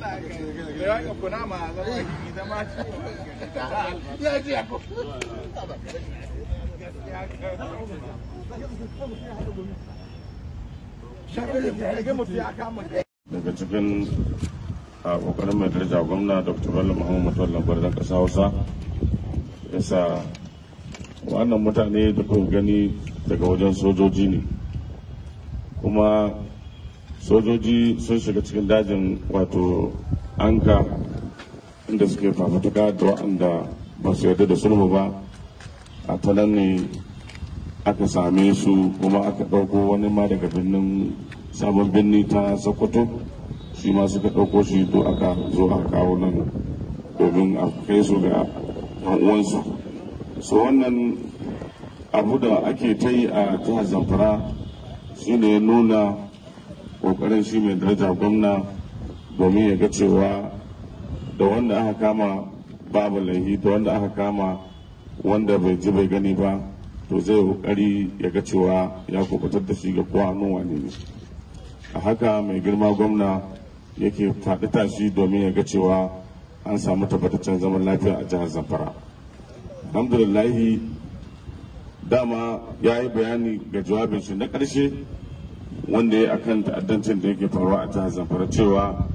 ya ya daga cikin a ah, kokarin mai daraja gwamna dr bello muhammad wallon gwarzon kasa hausa yasa wannan mutane da gani daga wajen sojoji ne kuma sojoji sun shiga cikin dajin wato anka inda suke fafutuka da waɗanda ba su yarda da sulhu ba a talan ne aka same su kuma aka ɗauko wani ma daga birnin sabon birni ta sokoto shi ma suka ɗauko shi to aka zo a kawo nan domin a kai su ga uwansu so wannan abu da ake ta yi a jihar zamfara ne nuna kokarin shi mai daraja gwamna domin ya ga cewa da wanda aka kama babu laihi da wanda aka kama wanda bai ji bai gani ba to zai kokari ya ga cewa ya kubutar da shi ga kowa nuwa ne a haka mai girma gwamna yake faɗi tashi domin ya ga cewa an samu tabbataccen zaman lafiya a jihar zamfara alhamdulillahi dama ya yi bayani ga jawabin shi na ƙarshe wanda ya akan ta'addancin da yake faruwa a jihar zamfara cewa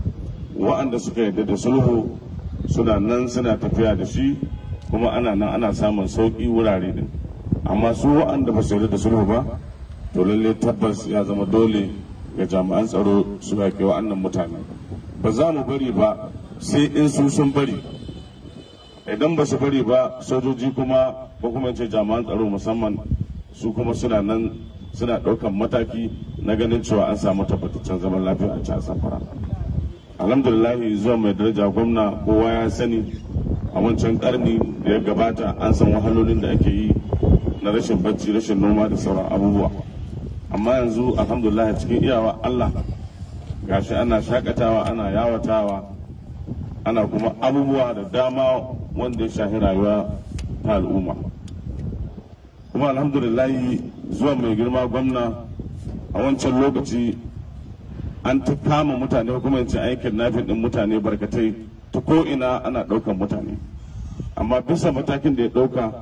wa'anda suka yarda da sulhu suna nan suna tafiya da shi kuma ana nan ana samun sauƙi wurare din amma su wa'anda ba su yarda da sulhu ba to lalle tabbas ya zama dole ga jami'an tsaro su yaƙi wa'annan mutane ba za mu bari ba sai in su sun bari idan ba su bari ba sojoji kuma ko kuma ce jami'an tsaro musamman su kuma suna nan suna ɗaukan mataki na ganin cewa an samu tabbataccen zaman lafiya a cikin zamfara alhamdulillah zuwa mai daraja gwamna kowa ya sani a wancan karni da ya gabata an san wahalolin da ake yi na rashin bacci rashin noma da sauran abubuwa amma yanzu alhamdulillah cikin iyawa allah gashi ana shakatawa ana yawatawa ana kuma abubuwa da dama wanda ya shahi rayuwa ta al'umma kuma alhamdulillah Zuwa mai girma gwamna a wancan lokaci an ta kama mutane kuma aikin nafin din mutane barkatai ta ko'ina ana ɗaukan mutane amma bisa matakin da ya ɗauka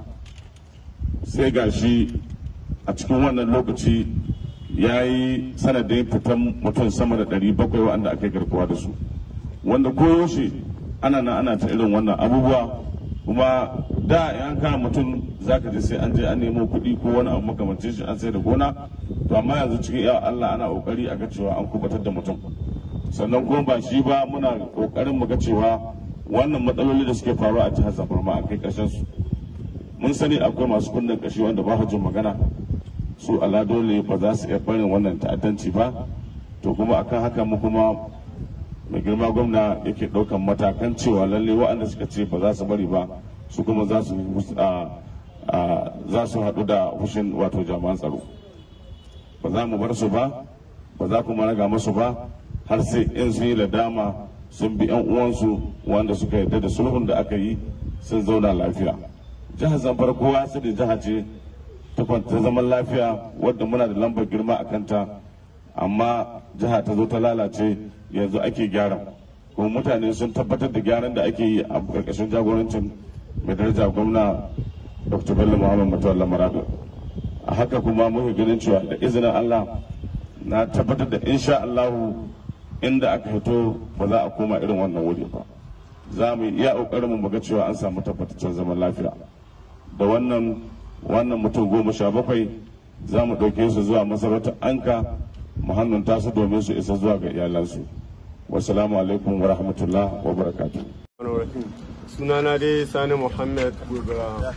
sai ga shi a cikin wannan lokaci ya yi sanadin fitan mutum sama da ɗari bakwai wanda aka yi garkuwa da su wanda koyaushe ana na ana ta irin wannan abubuwa kuma da yan kana mutum zaka je sai an je an nemo kuɗi ko wani abu makamancin shi an sai da gona to amma yanzu cikin ya Allah ana kokari a ga cewa an kubatar da mutum sannan kuma ba shi ba muna kokarin mu ga cewa wannan matsaloli da suke faruwa a jihar Zamfara ma a kai ƙarshen su mun sani akwai masu kunnen kashi wanda ba jin magana su ala dole ba za su iya barin wannan ta'addanci ba to kuma akan haka mu kuma mai girma gwamna yake ɗaukan matakan cewa lalle waɗanda suka ce ba za su bari ba su kuma za su haɗu da hushin wato jama'an tsaro ba za mu bar su ba ba za kuma raga masu ba har sai in sun yi dama sun bi 'yan uwansu wanda suka yarda da sulhun da aka yi sun zauna lafiya jihar zamfar kowa su da jiha ce ta zaman lafiya wadda muna da lambar girma a kanta amma jiha ta zo ta lalace yanzu ake gyara kuma mutane sun tabbatar da gyaran da ake yi a ƙarƙashin jagorancin mai daraja gwamna dr bello muhammad mutuwar lamarado a haka kuma muka ganin cewa da izinin allah na tabbatar da insha allahu inda aka fito ba za a koma irin wannan wuri ba za mu iya ƙoƙarin mu ga cewa an samu tabbataccen zaman lafiya da wannan wannan mutum goma sha bakwai za mu ɗauke su zuwa masarautar anka mu hannun tasu domin su isa zuwa ga iyalansu wasalamu alaikum wa rahmatullah wa barakatu sunana dai sani muhammad gobira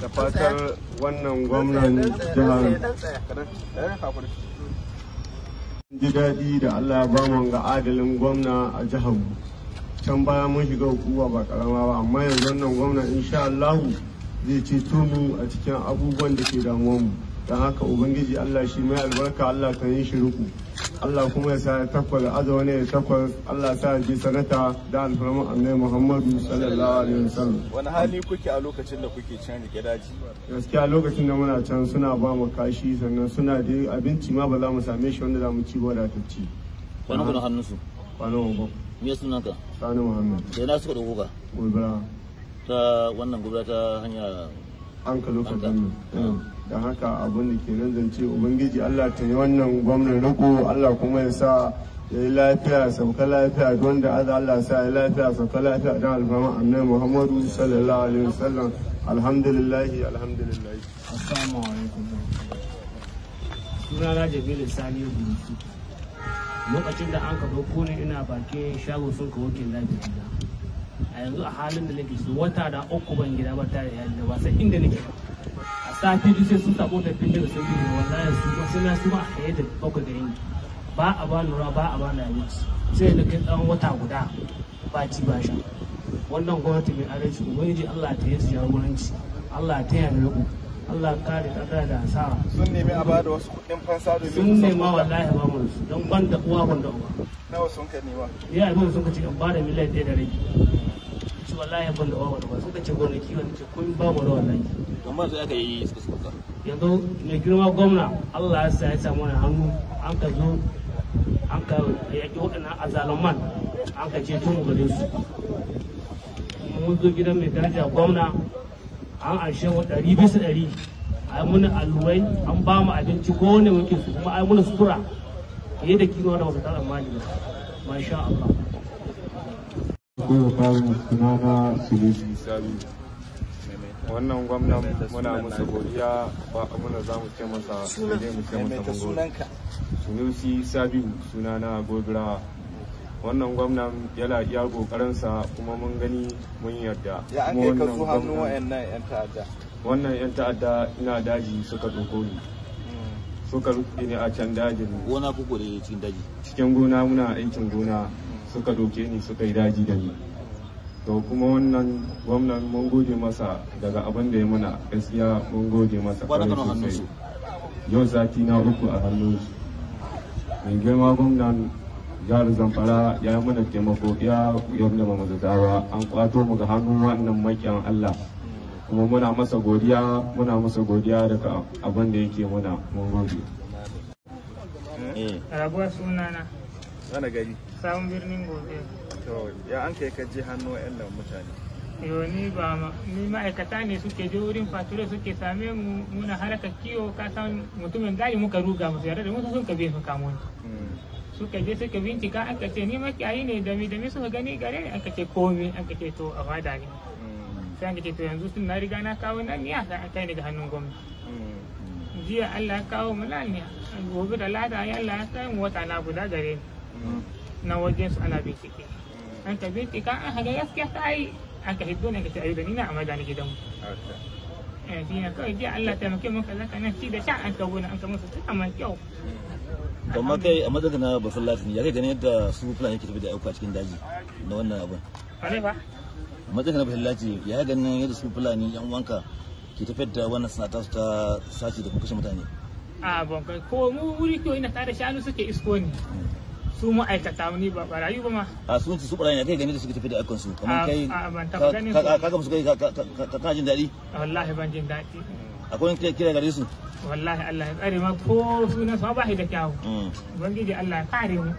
da fatar wannan gwamnan jihar eh, ji daɗi da allah ba mu ga adalin gwamna a jihar can baya mun shiga hukuma ba karama ba amma yanzu wannan gwamna insha allahu zai ceto mu a cikin abubuwan da ke mu don haka ubangiji allah shi mai albarka allah kan yi shi Allah kuma ya sa takwas azo ne takwas Allah sa ji sanata da alfarman annabi Muhammadu sallallahu alaihi wasallam wani hali kuke a lokacin da kuke can rike daji gaskiya lokacin da muna can suna ba mu kashi sannan suna da abinci ma ba za mu same shi wanda za mu ci ba da ta ci wani kuna hannun su wani kuma. me sunan ka sani muhammad sai na suka dogo ka gobira ta wannan gobira ta hanya anka lokacin eh, don haka abin da ke ranzance ubangiji allah ta yi wannan gwamnan riko allah kuma ya sa ya yi lafiya sauka lafiya don da aza allah sa ya lafiya sauka lafiya don alfama annai muhammadu sallallahu alaihi wasallam alhamdulillahi alhamdulillahi assalamu alaikum sunana jamilu sani burusu lokacin da an ka ɗauko ne ina bakin shago sun kawo wakil lafiya a yanzu a halin da nake su wata da uku ban gida ba tare da da ba sai inda nake ba a safi duk sai sun sabo da fin da sun yi wallahi su ba sai na su ba a yadda bakwai gare ni ba a ba nura ba a ba na abinci sai da kai dan wata guda ba ci ba sha wannan gwamnati mai adalci ji Allah ta yi su jagoranci Allah ta yi riko Allah kare kada da asara sun nemi a bada wasu kudin fansa domin sun nema wallahi ba mu don ban da uwa ban da uwa nawa sun ka nema ya abin sun ka ci in bada miliyan ɗaya da rage wallahi ban da wawa ba suka ce gonaki wani ce kun ba mu da wallahi to ma zai aka yi suka suka yanzu mai girma gwamna Allah ya sa ya samu wani hannu an ka zo an ka yaƙi waɗannan azaluman an ka ceto mu gare su mun zo gidan mai daraja gwamna an anshe wa ɗari bisa ɗari ai muna allurai an ba mu abinci ko wani muke su kuma ai muna sutura fiye da kima da wasu tsarin mali masha Allah ko farin sunana Sulebi Sabi wannan gwamnan muna masa godiya ba abuna za mu ce masa sai mu ce masa sunanka Sunusi Sabi sunana Gobira wannan gwamnan yana iya kokarinsa kuma mun gani mun yarda ya an kai ka zo hannun wayannan yan ta'adda wannan yan ta'adda ina daji suka doko ni hmm. suka rufe ni a can dajin gona kuku da cikin daji cikin gona muna aikin gona suka doke ni suka yi daji da ni to kuma wannan gwamnan mun gode masa daga abin da ya muna gaskiya mun gode masa kwarai sosai yau sati na uku a hannun su mai girma gwamnan jihar zamfara ya yi mana taimako ya yau da mu ba an kwato mu ga hannun wannan makiyan allah kuma muna masa godiya muna masa godiya daga abin da yake muna mun gode. Eh, Rabuwa sunana. Wani gari. sabon birnin gobe to ya an kai ka je hannu yan nan mutane yo ni ba ni ma'aikata ne suke je wurin fatura suke same mu muna harkar kiwo ka san mutumin gari muka ruga musu yare da musu sun ka biya su kamo ni mm. suka je suka bincika aka ce ni makiyayi ne dami dami suka gani gare ne aka ce komi aka ce to a wada ne mm. sai aka ce to yanzu sun na riga na kawo nan niya sai aka kai ni ga hannun gwamnati mm. jiya Allah ya kawo mu nan ne gobe da lada ya Allah ya kai mu wata na guda gare ni na wajen su ana bincike an ka bincika an haga gaskiya ta yi an ka hiddo ne ka ci ayyuka ni na amma da na gidanmu eh, shi ne kawai jiya Allah muke maka zaka nan ci da sha an ka gona an ka musu tun mai kyau don ma kai a madadin na basallacin ya kai ganin yadda su fulani yake tafi da ayyuka cikin daji na wannan abin a matsayin na basallaci ya ganin yadda su fulani yan wanka ke tafiyar da wannan sanata su ta sace da kuma kashe mutane a bankai ko mu wuri kyau ina tare shanu suke isko ne su ma'aikata ni ba barayu ba ma a su su barayu ne kai game da suke tafi da ayyukan su kamar kai ka ka musu kai ka jin daɗi wallahi ban jin daɗi akwai kira kira gare su wallahi Allah ya tsare ma ko suna sa ba da kyawu mm. ubangiji Allah ya kare mu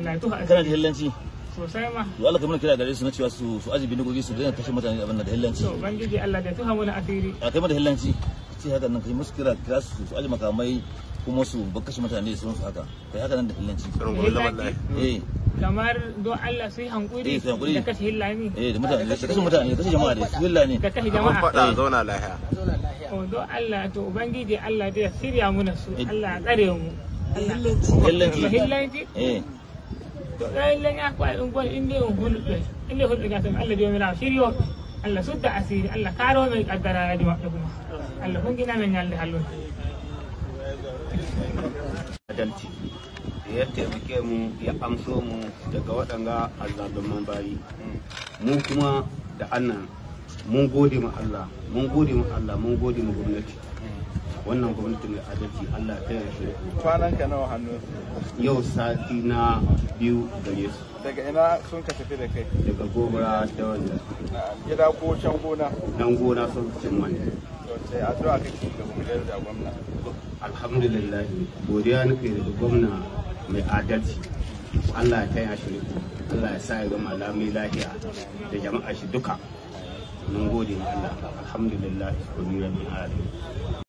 Allah ya tuha kana da hillanci sosai ma to Allah kamar kira gare su na cewa su su ajibi ne gobe su daina kashe mutane abin da hillanci to ubangiji Allah da tuha mu na asiri a kai mu da hillanci ce haka nan kai musu kira kira su su aje makamai kuma su mutane sun su haka kai haka nan da hillanci eh. kamar Allah eh, hankuri da kashi eh da mutane mutane da kashi jama'a da da kashi jama'a eh. zauna oh, don Allah to Allah da shirya Allah tsare mu hillanci hillanci eh to allah sudda asiri allah karo mai kaddara ya ji maɓɓe kuma allah kun hugginamen ñalde hallude adalci ya taimake mu ya amso mu daga waɗanga azzaluman bayi mu kuma da annan mun gode ma allah mun gode ma allah mun gode ma gwamnati wannan gwamnati mai adalci Allah ta yarshe kwanan ka nawa hannu yau sati na biyu gare su daga ina sun ka tafi da kai daga gobara ta wanda gida ko can gona dan gona sun cin manja sai addu'a kake ga gwamnati da gwamna alhamdulillah godiya nake da gwamna mai adalci Allah ya taya shi Allah ya sa ya gama lami lafiya da jama'a shi duka mun gode ne Allah alhamdulillah min alamin